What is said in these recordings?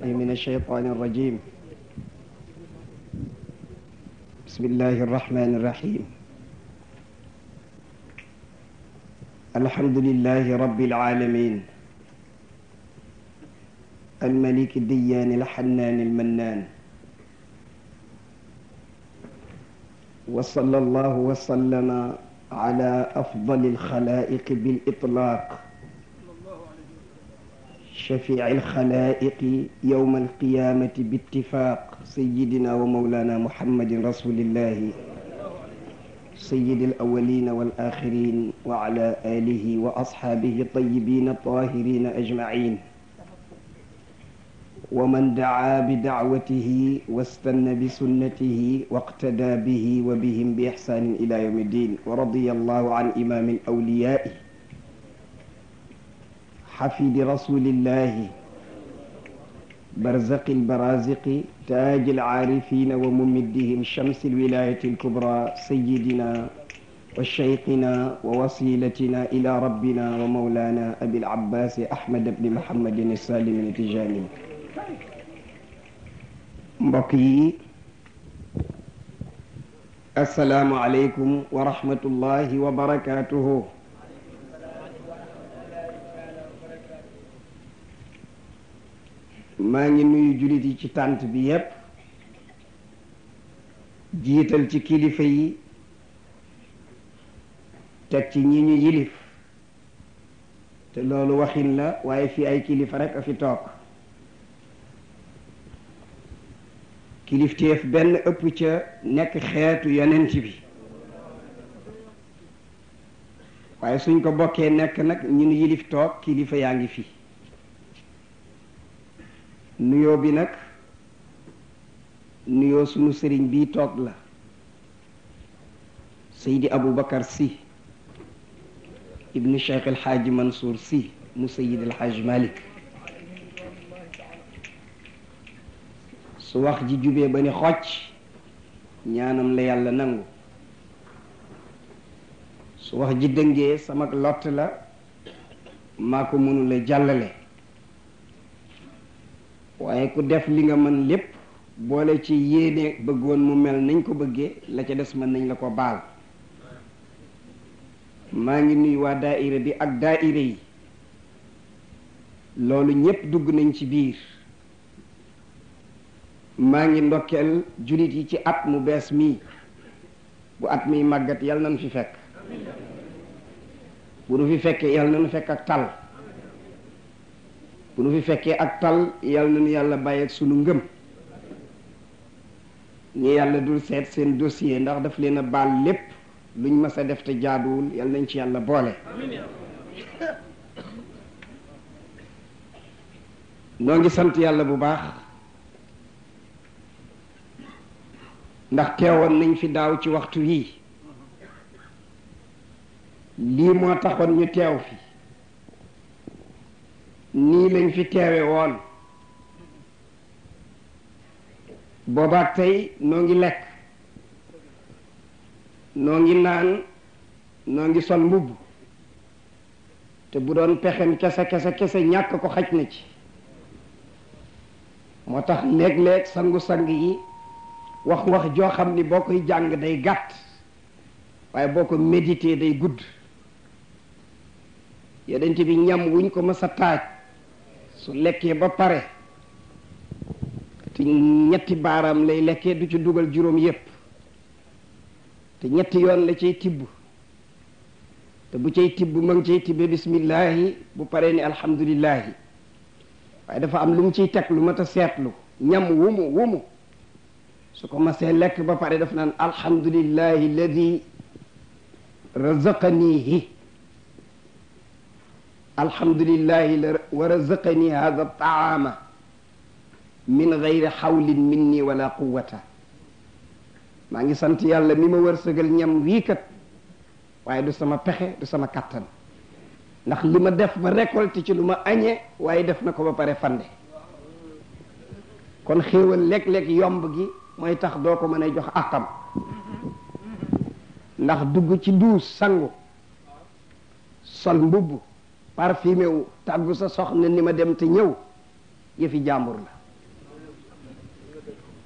من الشيطان الرجيم بسم الله الرحمن الرحيم الحمد لله رب العالمين الملك الديان الحنان المنان وصلى الله وسلم على أفضل الخلائق بالإطلاق شفيع الخلائق يوم القيامة باتفاق سيدنا ومولانا محمد رسول الله سيد الأولين والآخرين وعلى آله وأصحابه الطيبين الطاهرين أجمعين ومن دعا بدعوته واستنى بسنته واقتدى به وبهم بإحسان إلى يوم الدين ورضي الله عن إمام أوليائه حفيد رسول الله برزق البرازق تاج العارفين وممدهم شمس الولاية الكبرى سيدنا وشيقنا ووسيلتنا إلى ربنا ومولانا أبي العباس أحمد بن محمد السالم التجاني مبقي السلام عليكم ورحمة الله وبركاته maa ngi nuyu jullit yi ci tànt bi yépp jiital ci kilifa yi teg ci ñi ñu yilif te loolu waxin la waaye fii ay kilifa rek a fi toog kilifteef benn ëpp ca nekk xeetu yonent bi waaye suñ ko bokkee nekk nag ñu nu yilif toog kilifa yaa ngi fi nuyoo bi nag nuyoo sunu sëriñ bii toog la Seydi Aboubacar Sy ibnu Cheikh El Hadj Mansour Sy mu Seydi El Hadj Malick su wax ji jubee ba ni xocc ñaanam la yàlla nangu su wax ji dëngee sama lott la maa ko mënula jàllale waaye ku def li nga mën lépp boole ci yéene bëggoon mu mel nañ ko bëggee la ca des mën nañ la ko baal maa ngi nuyu waa daaira bi ak daa daaira yi loolu ñépp dugg nañ ci biir maa ngi ndokkeel jullit yi ci at mu bees mii bu at miy màggat yal nañu fi fekk bu nu fi fekkee yal nañu fekk ak tal bu nu fi fekkee ak tal yal na nu yàlla bàyyi ak sunu ngëm ñi yàlla dul seet seen dossier ndax daf leen a baal lépp luñ mës a def te jaaduwul yal nañ ci yàlla boole noo ngi sant yàlla bu baax ndax teewoon nañ fi daaw ci waxtu yii lii moo taxoon ñu teew fi nii lañ fi teewe woon boobaak tey noo ngi lekk noo ngi naan noo ngi sol mbubb te bu doon pexem kese kese kese ñàkk ko xaj na ci moo tax léeg-léeg sangu-sang yi wax wax joo xam ni boo koy jàng day gàtt waaye boo ko méditer day gudd yonent bi ñam wuñ ko mës a taaj su lekkee ba pare te ñetti baaraam lay lekkee du ci dugal juróom yépp te ñetti yoon la cay tibb te bu cay tibb ma ngi cay tibbe bismillahi bu paree ni alhamdulillahi waaye dafa am lum ciy teg lu mat a seetlu ñam wumu wumu su ko masee lekk ba pare daf naan alhamdulillahi alladi razaqanihi alhamdulillahi wa razaqani hada taama min gayri xawlin minni wala quwata maa ngi sant yàlla mi ma wërsëgal ñam wii kat waaye du sama pexe du sama kattan ndax li ma def ba récolte ci lu ma añe waaye def na ko ba pare fande kon xéewal lekk-lekk yomb gi mooy tax doo ko mën a jox akam ndax dugg ci duus sangu sol mbubb parfumé wu tagu sa soxna ni ma dem te ñëw yëfi jàmbur la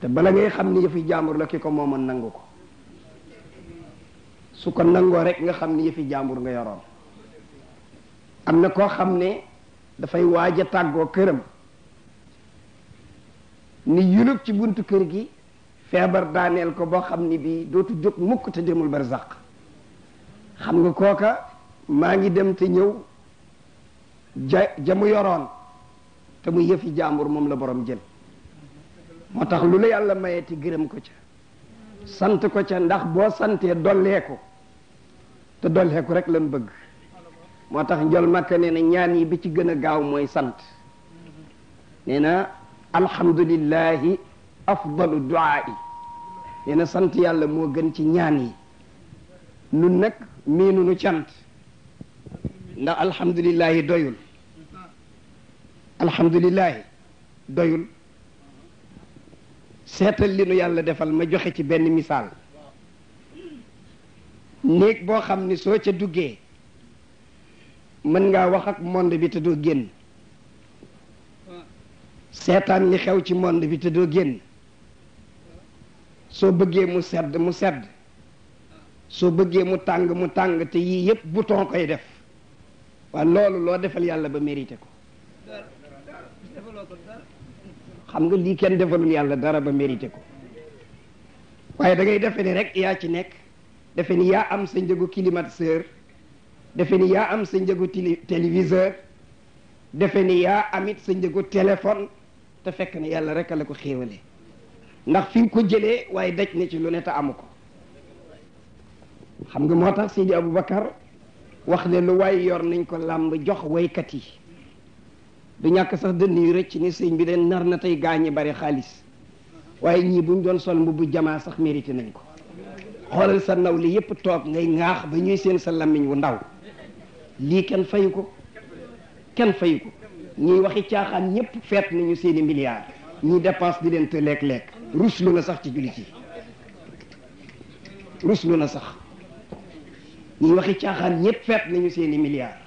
te bala ngay xam ni yëfi la kiko moma su ko nango rek nga xam ni yëfi jàmbur nga yoroon amna ko xam ne dafay waaj a tàggoo ni yuluk ci buntu kër gi febar daaneel ko bo xam ni bii dootu mukk te demul barzak xam nga koka ma ngi dem te ñew ja ja mu yoroon te mu yëfi jàmbur moom la borom jël moo tax lu la yàlla mayeeti gërëm ko ca sant ko ca ndax boo santee dolleeku te dolleeku rek lañ bëgg moo tax njol makka nee na ñaan yi bi ci gën a gaaw mooy sant nee na alhamdulillahi afdalu duaa yi nee na sant yàlla moo gën ci ñaan yi nun nag miinu nu cant ndax alhamdulillahi doyul alhamdulilahi doyul seetal li nu yàlla defal ma joxe ci benn misaal néeg boo xam ni soo ca duggee mën ngaa wax ak monde bi te doo génn seetaan li xew ci monde bi te doo génn soo bëggee mu sedd mu sedd soo bëggee mu tàng mu tàng te yii yëpp bouton koy def waaw loolu loo defal yàlla ba mérité ko xam nga lii kenn defalul yàlla dara ba mérité ko waaye dangay defe ni rek yaa ci nekk defe ni yaa am sa njëgu climatiseur defe ni am sa njëgu téléviseur defe ni yaa amit sa njëgu téléphone te fekk na yàlla rek la ko xéewalee ndax fi ko jëlee waaye daj na ci lu ne te amu ko xam nga moo tax Seydi Aboubacar wax ne lu waay yor nañ ko làmb jox waykat yi du ñàkk sax dënn yu rëcc ni sëñ bi den nar na tey gaañi bari xaalis waaye ñii buñ doon sol mbubbu jamaa sax mérité nañ ko xoolal sa naw li yëpp toog ngay ŋaax ba ñuy seen sa làmmiñ wu ndaw lii kenn fayu ko kenn fayu ko ñuy waxi caaxaan ñëpp feet nañu seeni milliards ñuy dépense di leen te lekk-lekk ruslu na sax ci jullit yi ruslu na sax ñuy waxi caaxaan ñëpp feet nañu seeni milliards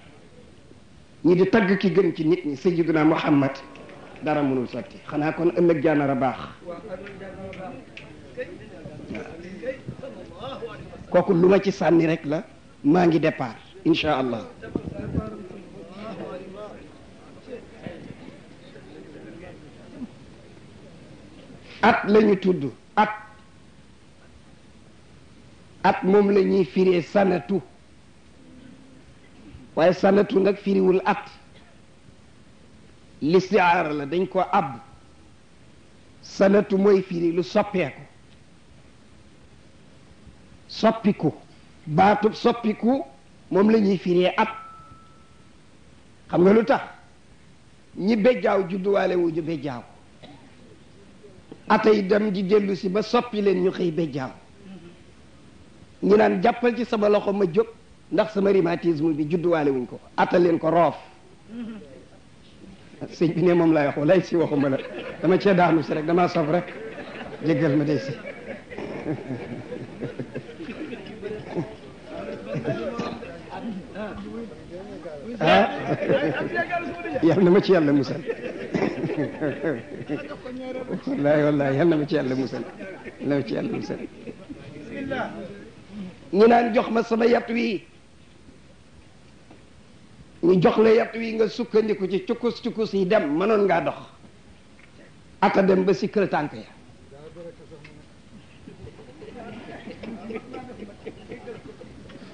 ñi di tagg ki gën ci nit ñi sayyiduna muhammad dara mënul sotti xanaa kon ëllëg jaanara baax kooku lu ma ci sànni rek la maa ngi départ incha allah at lañu tudd at at moom la ñuy firee sanatu waaye sanatu nag firiwul at listiaara la dañ ko ab sanatu mooy firi lu soppeeku soppiku baatub soppiku moom la ñuy at xam nga lu tax ñi bejjaaw judduwaale wuñu bejjaaw atay dem di dellu si ba soppi leen ñu xëy bejjaaw ñu naan jàppal ci sama loxo ma jóg ndax sama rhumatisme bi judduwaale wuñ ko atal leen ko roof sëñ bi ne moom lay wax walay si waxuma la dama cee daanu si rek dama sof rek jéggal ma day si ah yal na ma ci yàlla musal wallaay wallaay yal na ma ci yàlla musal yal na ma ci yàlla musal ñu naan jox ma sama yat wi ñu jox la yat wi nga sukkandiku ci cukkus cukkus yi dem mënoon ngaa dox ata dem ba si kër tànk ya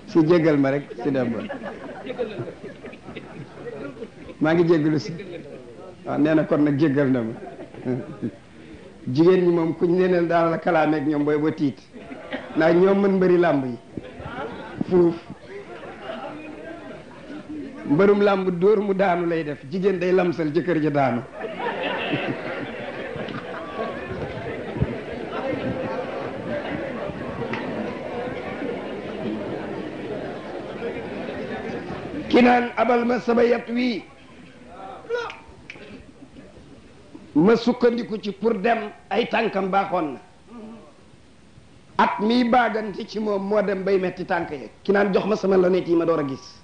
si jégal ma rek si dem ba maa ngi jégalu si waaw nee kon nag jégal na ma jigéen ñi moom kuñ leneen daal la kalaameeg ñoom booy ba tiit ndax ñoom mën mbëri làmb yi fuuf mbërum làmb dóor mu daanu lay def jigéen day lamsal jëkkër ja daanu ki naan abal ma sama yat wii ma sukkandiku ci pour dem ay tànkam baaxoon na at mii baagante ci moom moo dem bay metti tànk ya ki naan jox ma sama lonet yi ma door a gis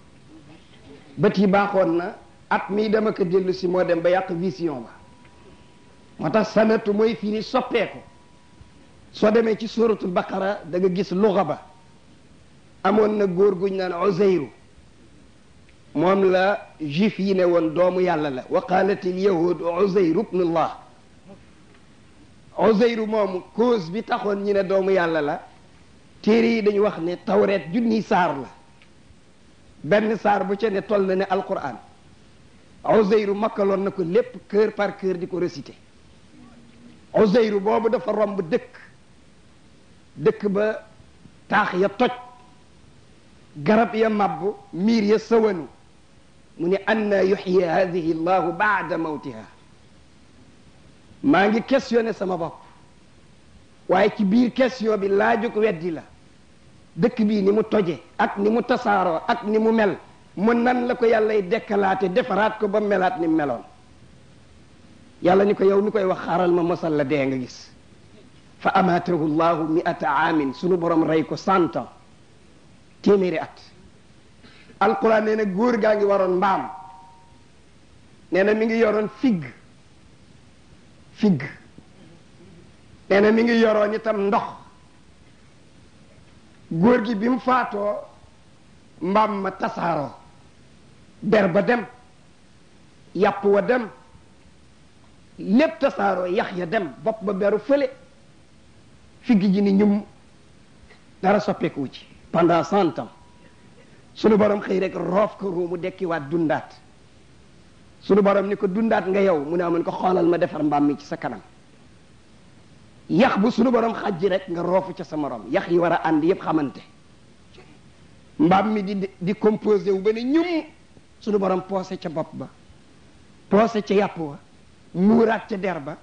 bati baxon na at mi dama ko delu ci mo dem ba yak vision ba motax sanatu moy fini soppé ko so demé ci suratul baqara da nga gis luxa ba amoon na gor guñ nan Uzayru mom la jif yi ne won doomu yàlla la wa qalat il yahud ibn allah Uzayru mom cause bi taxoon ñi ne doomu yàlla la téré yi dañ wax ne tawret junni sar la benn saar bu ca ne toll na ne alquran Uzayru makkaloon na ko lépp cœur par cœur di ko récité Uzayru boobu dafa romb dëkk dëkk ba taax ya toj garab ya mabbu miir ya sawanu mu ne anna yuxyi hadihi llahu bada mawtiha maa ngi questionné sama bopp waaye ci biir question bi laaju ko weddi la dëkk bii ni mu toje ak ni mu tasaaroo ak ni mu mel mu nan la ko yàllay dekkalaate defaraat ko ba melaat ni meloon yàlla ni ko yow mi koy wax xaaral ma mosal la dee nga gis fa amaatahu llahu miata aamin sunu borom rey ko cent ans téeméeri at alquran nee na góor gaa ngi waroon mbaam nee na mi ngi yoroon figg figg nee na mi ngi yoroon itam ndox góor gi bi mu faatoo mbaam ma tasaaroo der ba dem yàpp wa dem lépp tasaaroo yax ya dem bopp ba beru fële figg ji ni ñum dara soppeeku ci pendant cent ans sunu borom xëy rek roof ko ruumu dekkiwaat dundaat sunu borom ni ko dundaat nga yow mu ne amoon ko xoolal ma defar mbaam mi ci sa kanam yax bu sunu borom xajji rek nga roofu ca sa morom yax yi war a ànd xamante mi di di composé wu ba ne ñum sunu borom poosé ca bopp ba poosé ca yàpp wa muuraat ca der ba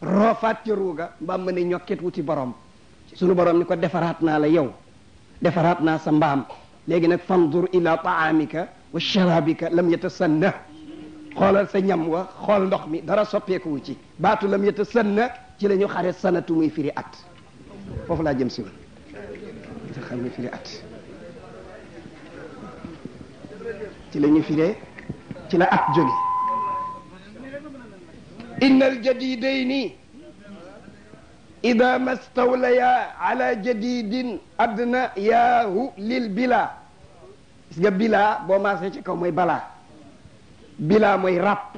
roofaat ca ruuga mbaam ma ne ñokkit wuti borom sunu borom ni ko defaraat naa la yow defaraat naa sa mbaam léegi nag fandur ila taamika wa sharabika lam yatasanna xoolal sa ñam wa xool ndox mi dara soppeeku wu ci baatu lam yatasanna ci la ñu xare sanatu muy firi at foofu laa jëm si woon xam nga firi at ci la ñu firee ci la at jóge innal jadidayni lil bila gis nga bila boo maasee ci kaw mooy balaa bila mooy ràpp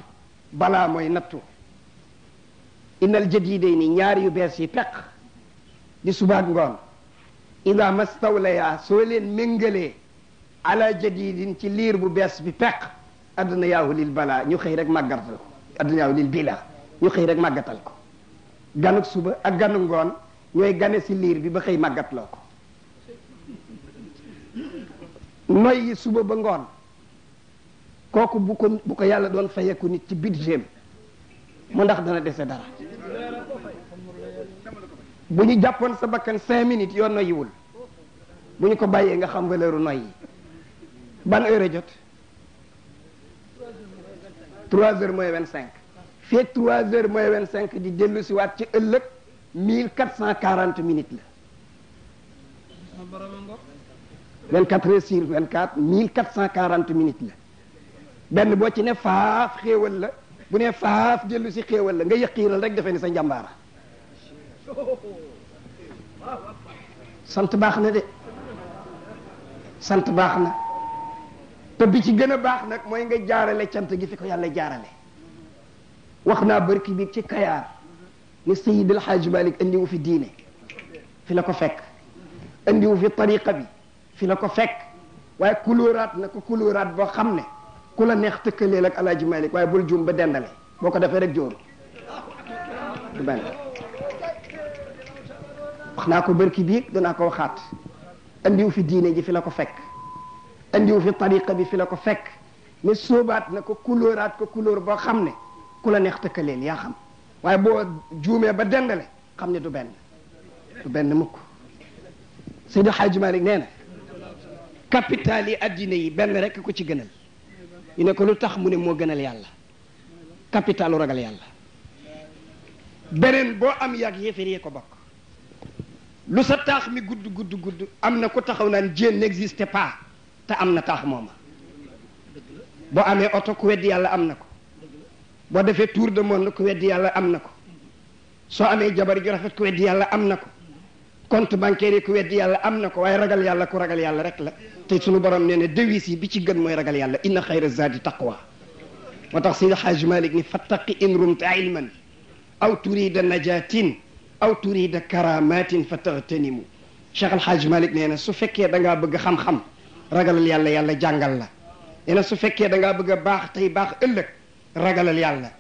balaa mooy nattu innal jadiidayni ñaar yu bees yi peq di subaak ngoon ida mastawlaya soo leen méngalee ala jadidin ci liir bu bees bi peq adduna yaahu lil bala ñu xëy rek màggatal ko ñu xëy rek màggatal ko ganuk suba ak ganuk ngoon ñooy gane si liir bi ba xëy màggatloo ko noy yi suba ba ngoon kooku bu yàlla doon fayeku nit ci bit budget mu ndax dana dese dara bu ñu jàppoon sa bakkan cinq minutes yoo noyyiwul bu ñu ko bàyyee nga xam valeur u noyyi ban heure a jot trois heures mooy vingt cinq fii trois heures mooy vingt cinq di dellu si waat ci ëllëg mille quatre cent quarante minutes la vingt quatre heures sur vingt quatre mille quatre cent quarante minutes la benn boo ci ne faaf xéewal la bu ne faaf dellu si xéewal la nga yëqiiral rek defe ni sa njàmbaara sant baax na de sant baax na te bi ci gën a baax nag nga jaarale cant gi fi ko yàlla jaarale waxna barki bi ci kayar ni sayyid al alxaaj malik andi wu fi diine fi la ko andi wu fi tariqa bi fi la ko fekk waaye kulóoraat na ko kulóoraat boo xam ne ku la neex tëkkaleel ak alaaji malik waaye bul jum ba dendale boko ko rek jor du benn wax naa ko barki biig danaa ko waxaat andiwu fi diine ji fi la ko fekk andiwu fi tariqa bi fi la ko fekk mais sóobaat na ko kulóoraat ko kulóor boo xam ne ku la neex tëkkaleel yaa xam waaye boo juumee ba dendale xam ne du benn du benn mukk seydi xaaji malik nee na capital yi addina yi benn rek ko ci gënal ñu ne ko lu tax mu ne moo gënal yàlla capitalu ragal yàlla beneen boo am yàgg yéeféer yee ko bokk lu sa tax mi gudd gudd gudd amna ko taxaw nan jeen n'existe pas ta amna tax moma bo amé auto ku wedd yàlla amna ko bo defé tour de monde ku wedd yàlla amna ko so amé jabar ju rafet ku wedd yàlla amna ko compte bancaire ku wedd yàlla amna ko way ragal yàlla ku ragal yàlla rek la te sunu borom nee ne yi bi ci gën moy ragal yàlla inna khayra zadi taqwa moo tax Seydi Malik ni fattaqi in rumta ilman aw turida najatin او تريد كرامات فتغتنموا شغل حاج مالك نينا سو فكيه داغا بغ خم خم رجل يالا يالا جانغال لا انا سو فكيه داغا بغ باخ تاي باخ الك رجل يالا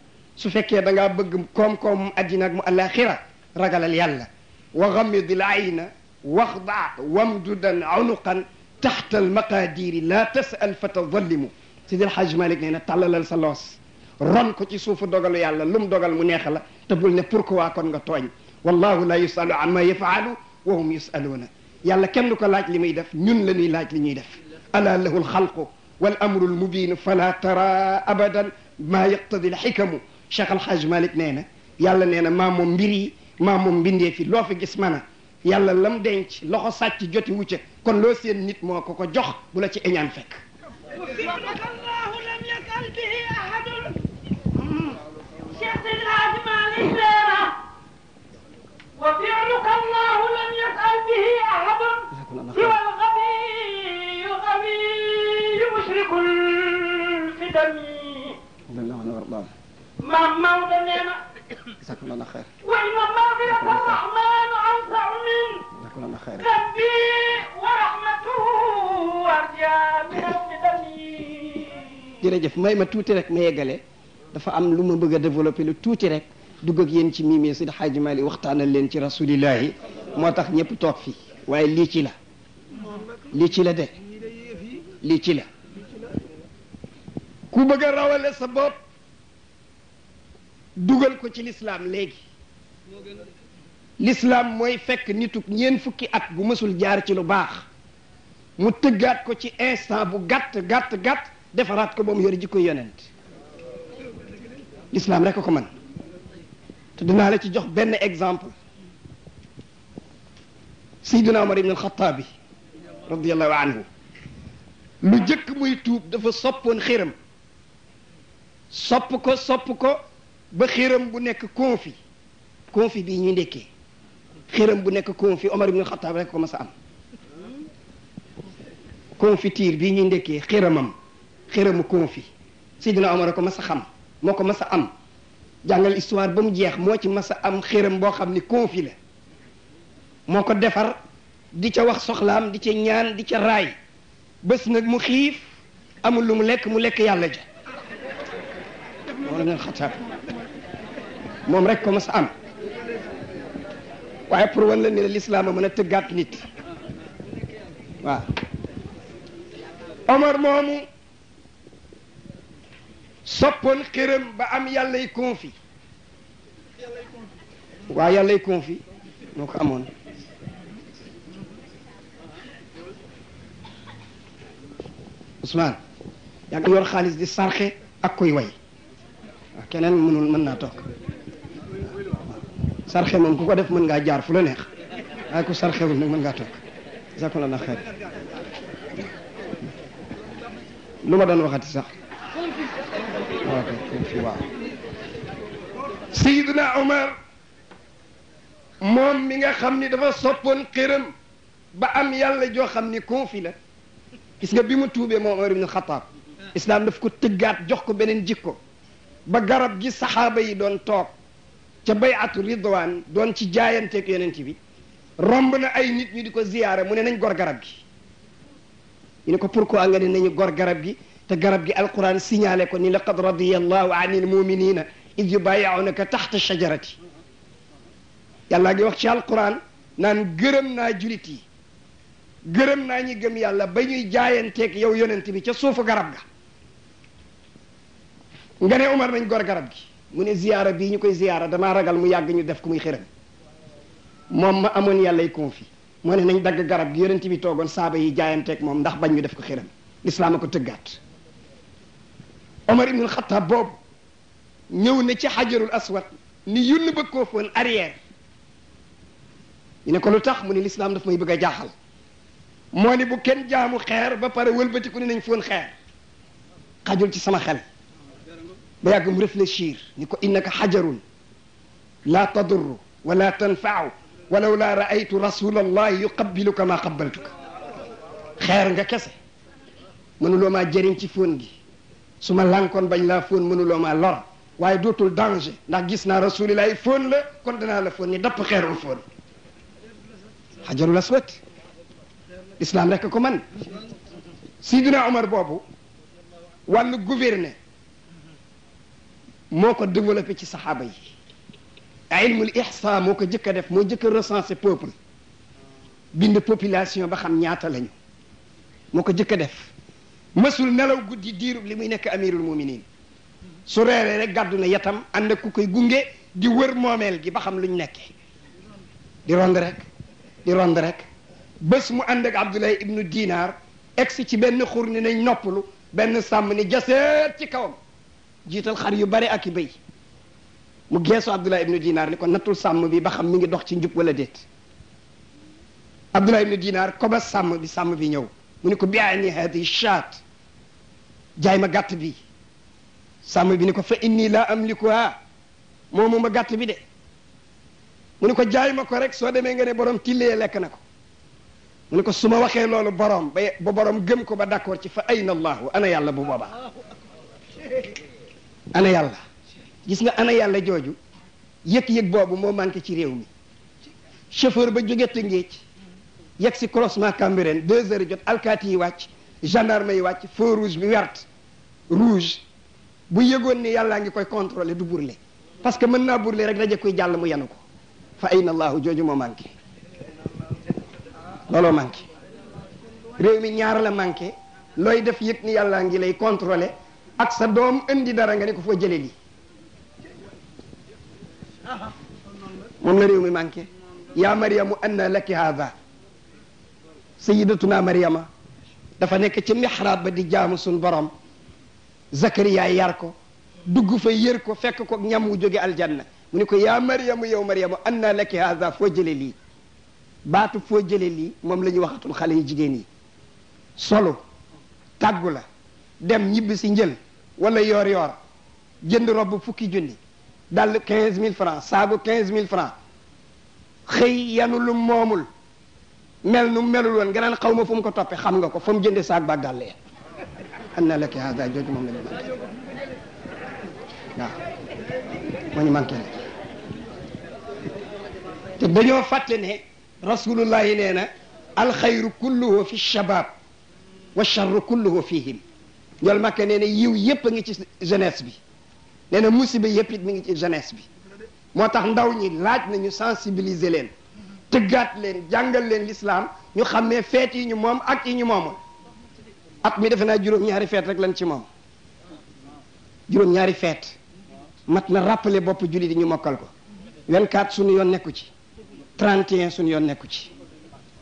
سو فكيه داغا بغ كوم كوم ادينك مو الاخره رجل يالا وغمض العين واخضع وامدد عنقا تحت المقادير لا تسال فتظلم سيد الحاج مالك نينا تعلل سلوس رن كو سوف دوغال يالا لوم دوغال مو نيهلا تبول ني بوركو كون نغا توغ والله لا يسأل عن ما يفعل وهم يسألون يلا كم لك لاج لي ميدف نون لاني لاج لي ميدف الا له الخلق والامر المبين فلا ترى ابدا ما يقتضي الحكم شيخ الحاج مالك نينا يلا نينا ما موم مبيري ما موم بيندي في لو في جسمنا يلا لم دنج لوخو ساتي جوتي ووتي كون لو سين نيت موكو كو جوخ بولا سي انيان فك وفعلك الله لم يسأل به أحد سوى الغبي غبي مشرك في دمي الله الله ما مولى نعمة جزاكم الله خير وإن مغفرة الرحمن أوسع من جزاكم الله خير ذنبي ورحمته أرجى من دمي jërëjëf may ma tuuti rek ma yeggale dafa am lu ma bëgg a développer lu tuuti rek dugg ak yéen ci miimee Seydi Hadji Malick waxtaanal leen ci rasulillahi moo tax ñëpp toog fi waaye lii ci la lii ci la de lii ci la ku bëgg a rawale sa boot dugal ko ci lislaam léegi lislaam mooy fekk nituk ñeen fukki at bu mësul jaar ci lu baax mu tëggaat ko ci instant bu gàtt gàtt gàtt defaraat ko ba mu yor jikko yonent lislaam rek ko man te dinaa la ci jox benn exemple sayyidina Umar ibn al-Khattab radiyallahu anhu lu jëkk muy tuub dafa soppoon xiram sopp ko sopp ko ba xiram bu nekk confi confi bii ñuy ndekkee xiram bu nekk confi Omar ibn Khattab rek ko mas a am confiture bii ñuy ndekkee xiramam xiramu confi Seydina Omar ko mas a xam moo ko mas a am jàngal histoire ba mu jeex moo ci mas a am xéram boo xam ni confi moo ko defar di ca wax soxlaam di ca ñaan di ca raay bés nag mu xiif amul lu mu lekk mu lekk yàlla ji moom xataab moom rek ko mas am waaye pour la ni la lislaam a mën a tëggaat nit waaw moomu soppoon këram ba am yàllay confi waa yàllay confi moo ko amoon Ousmane yaa ngi yor xaalis di sarxe ak koy way waaw keneen mënul mën naa toog sarxe moom ku ko def mën ngaa jaar fu la neex waaye ku sarxewul nag mën ngaa toog jazakumullahu xeer lu ma doon waxati sax baraakaatu fi waaw Seydina moom mi nga xam ni dafa soppoon xëram ba am yàlla joo xam ni koofi la gis nga bi mu tuubee moom Omar ibnu Xataab islaam daf ko tëggaat jox ko beneen jikko ba garab gi saxaaba yi doon toog ca bayatu ridwaan doon ci jaayanteeg ci bi romb na ay nit ñu di ko ziyaare mu ne nañ gor garab gi ñu ne ko pourquoi nga ne nañu gor garab gi تقرب جي القرآن سينالك وني لقد رضي الله عن المؤمنين إذ يبايعونك تحت الشجرة يلا جي وقت القرآن نان جرم جريتي جرم ناني جم يلا بيني جاين تيك يو يون انتبه تصوف قرب جا نغني عمر من جور قرب جي من زيارة بيني كوي زيارة دما رجل مي يعني يدفع كمي خيرم مم أمون يلا يكون في من نين دعك قرب جي يون انتبه توعون سابي جاين تيك مم دخ بيني يدفع كخيرم الإسلام كتجات عمر بن الخطاب بوب نيو ني حجر الاسود ني يون با كوفون اريير ني كولو تخ موني الاسلام داف ماي بيغا جاخال موني بو كين جامو خير با بار ولبتي كوني نين فون خير خاجول تي سما خيل با ياغم ريفليشير نيكو انك حجر لا تضر ولا تنفع ولولا رايت رسول الله يقبلك ما قبلتك خير nga kesse manu lo ma jeriñ ci fone gi suma lankon lànkoon bañ laa fóon mënuloo ma lor waye dotul danger ndax gis na rasulillah fon la kon dana la fon ni dap xeerul fon xajarul aswad islam rek ko man sidina omar bobu wal gouverner moko développer ci sahaba yi ilmul ihsa moo ko jëkk a def moo jëkk a recensé peuple bind population ba xam ñaata lañu moo ko def masul nelaw guddi diirub li muy nekk amirul muminin su reeree rek gàddu na yatam ànd ak ku koy gunge di wër moomeel gi ba xam luñ nekkee di rond rek di rond rek bés mu ànd ak abdoulaye ibnu dinar egsi ci benn xur ni nañ noppalu benn sàmm ni jaseet ci kawam jiital xar yu bare ak i béy mu geesu abdoulaye ibnu dinar ni ko nattul sàmm bi ba xam mi ngi dox ci njub wala déet abdoulaye ibnu dinar koba sàmm bi sàmm bi ñëw mu ni ko bi ani hadi shaat jaay ma gàtt bi sàmm bi ni ko fa inni laa amlikuha moomu ma gàtt bi de mu ni ko jaay ma ko rek soo demee nga ne borom tillee lekk na ko mu ni ko su ma waxee loolu borom ba ba borom gëm ko ba d'accord ci fa ayna allahu ana yàlla bu boobaa ana yàlla gis nga ana yàlla jooju yëg-yëg boobu moo manqué ci réew mi chauffeur ba jóge Tëngéej yegg si croisement Cambérène deux heures jot alkaati yi wàcc gendarme yi wàcc feu rouge bi verte rouge bu yëgoon ni yàllaa ngi koy contrôler du burle parce que mën naa burle rek daje kuy jàll mu yenu ko fa ayna allahu jooju moo manqué looloo manqué réew mi ñaar la manqué looy def yëg ni yàllaa ngi lay contrôler ak sa doom indi dara nga ne ko foo jëlee lii moom la réew mi manqué yaa mariamu anna laki hada sayidatuna mariama dafa nekk ci mihrab ba di jaamu suñ borom zakariya yar ko dugg fa yër ko fekk ko ñam wu jóge aljanna mu ni ko yaa maryamu yow maryam anna laki haada foo jële lii baatu foo jële lii moom la ñuy waxatul xale yi jigéen yi solo tàggu la dem ñibbi si njël wala yoor yoor jënd robb fukki junni dal quinze mille francs saagu quinze mille francs xëy yanu lu moomul mel nu melul won nga xawma fum ko topé xam nga ko fum jënde saag ba dàll anna laki hada jooju mom la ñu manqué waaw moo ñu manqué te dañoo fàtte ne rasulullahi nee na alxayru kulluhu fi shabab wa sharru kulluhu fihim ñol màkke nee na yiw yépp a ngi ci jeunesse bi nee na musiba yépp it mi ngi ci jeunesse bi moo tax ndaw ñi laaj nañu sensibiliser leen tëggaat leen jàngal leen lislaam ñu xam ne feet yi ñu moom ak yi ñu moomul at mi defe naa juróom-ñaari feet rek lañ ci moom juróom-ñaari feet mat na rappelé bopp jullit yi ñu mokkal ko 24 suñu yoon nekku ci 31 suñu yoon nekku ci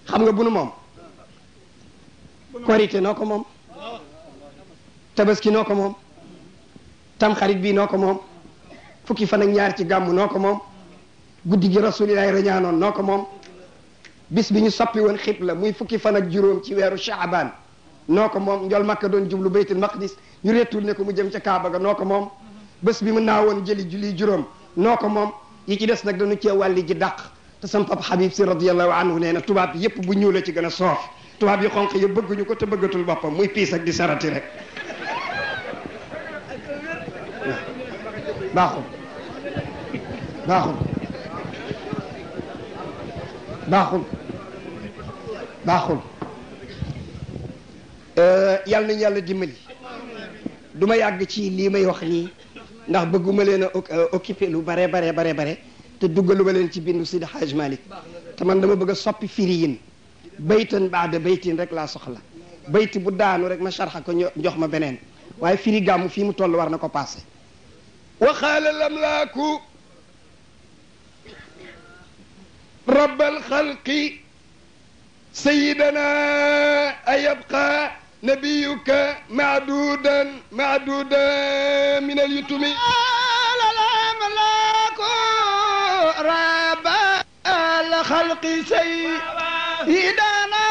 xam nga bu nu moom korité noo ko moom tabaski noo ko moom tamxarit bii noo ko moom fukki fan ak ñaar ci gàmmu noo ko moom guddi gi rasulillahi rañaanoon noo ko moom bis bi ñu soppi woon xibla muy fukki fan ak juróom ci weeru Shaaban noo ko moom njol makka doon jublu baytul maqdis ñu rettul ne ko mu jëm ca Kaaba ga noo ko moom bés bi mu naawoon jëli julli juróom noo ko moom yi ci des nag dañu cee wàlli ji dàq te sam pap Habib si radiyallahu anhu nee na tubaab yépp bu ñuulee ci gën a soof tubaab yi xonq yi bëgguñu ko te bëggatul boppam muy piis ak di sarati rek baaxul baaxul baaxul baaxul euh, yal nañu yàlla dimbali du ma yàgg ci lii may wax nii ndax bëgguma leen a euh, lu bare bare bare bare te duggaluma leen ci bindu Sidi Hadj Malick te man dama bëgg a soppi firi yin baytan baada baytin rek laa soxla bayti bu daanu rek ma sharxa ko jox ma beneen waaye firi gàmmu fii mu toll war na ko passé waxaala lamlaaku rabbal xalqi سيدنا أيبقى نبيك معدودا معدودا من اليتم قال الأملاك رب الخلق سيدنا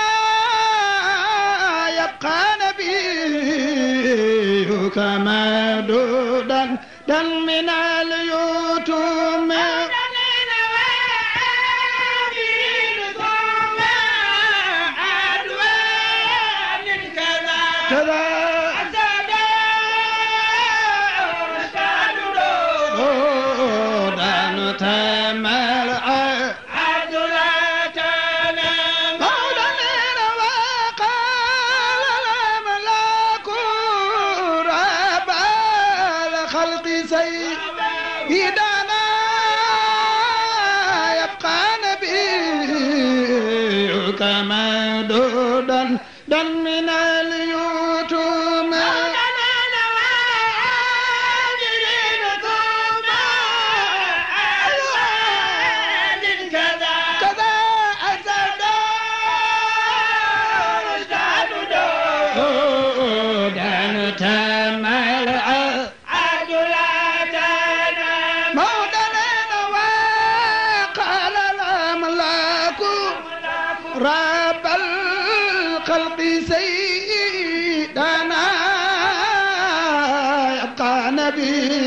يبقى نبيك معدودا من اليتم time I خير الخلق سيدنا يبقى نبي